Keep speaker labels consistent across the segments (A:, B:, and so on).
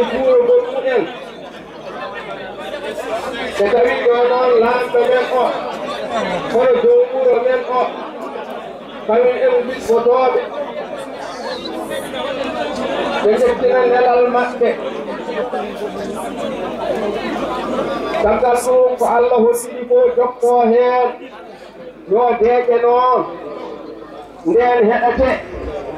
A: dua botol yang tetapi kerana lahan banyak kok kalau jomu banyak kok kami ingin lebih botol habis kesempatan dalam masjid Tangka sung pa Allah si mo jokko her Yo de ke no Nen het ache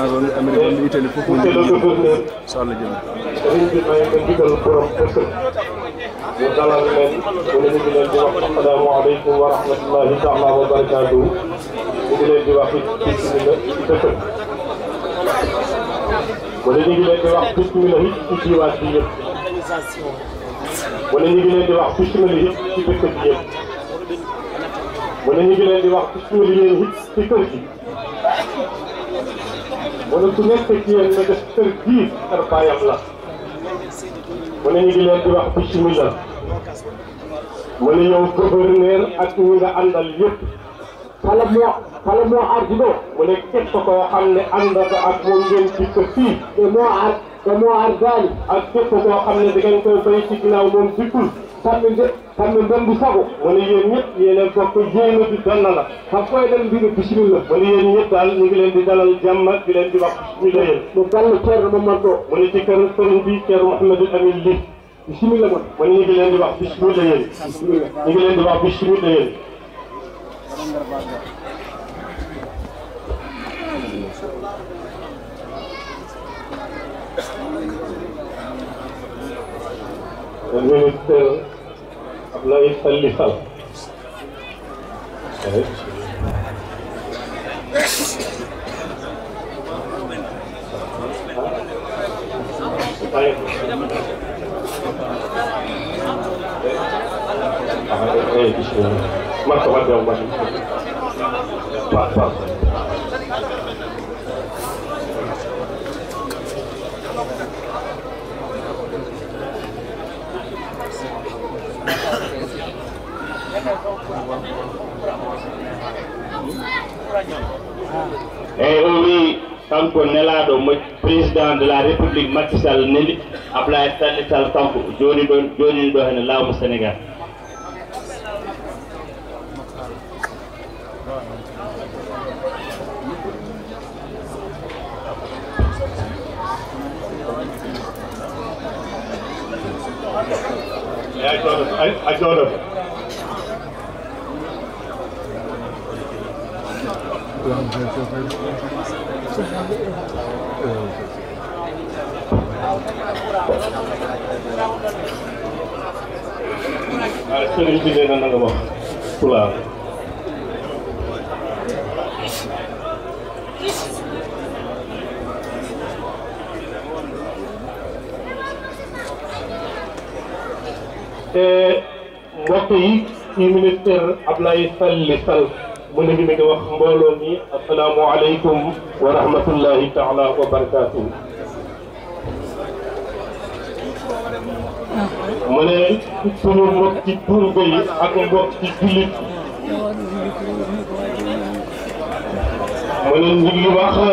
A: France woon Amérique woon Italie foofu la ñu jëm soxla jëm. sëriñ bi maa ngi leen digal borom kër mu dalal leen mu leen di leen di wax asalaamaaleykum wa rahmatullahi taala wa barakaatu mu ngi leen di wax bismillah dëkk wala ñu ngi leen di wax bismillah it ci jiwaat bi yëpp wala ñu ngi leen di wax bismillah it ci dëkk bi yëpp wala ñu ngi leen di wax bismillah it ci kër gi boleh tu nanti dia ni macam tergi terpayap lah. Boleh ni dia tu aku bismillah. Boleh yang gubernur aku ni anda lihat. Kalau mau kalau mau arjuno boleh kita kau hamil anda ke aku mungkin cuti. Kalau mau te moo aar daal ak képp koo xam ne da ngeen koy bay ci ginnaaw moom dikkul sàmm de sàmm ndëmb sago ma ne yéen ñëpp yéen a bokk jéem a di donna la xam koy dem bi ne bismillah ma ne yéen ñëpp daal ñu ngi leen di dalal jàmm ak di leen di wax bismillah yéen mu gàll ceer ma man doo mu ne ci kër sëriñ bi ceer Mouhamadou Amine Ly bismillah man ma ne ñu ngi leen di wax bismillah yéen ñu ngi leen di wax bismillah yéen म्हणजे एक आपला एक पल्ली Ei, deixa eu... Mata, mata, mata. Pá, pá, pá. eyyi o wi e, kanko nelaɗo mo président de la république macky sall neli ablaye salli sall kanko joni ɗon jonini ɗo hene laamu sénégal I don't know. I, I don't know. waaw sëriñ bi nee na na nga wax pulaar. te mbokk yi ci ministère euh, Ablaye Sall li Sall. مولاي ميغا السلام عليكم ورحمه الله تعالى وبركاته مولاي سونو موك تي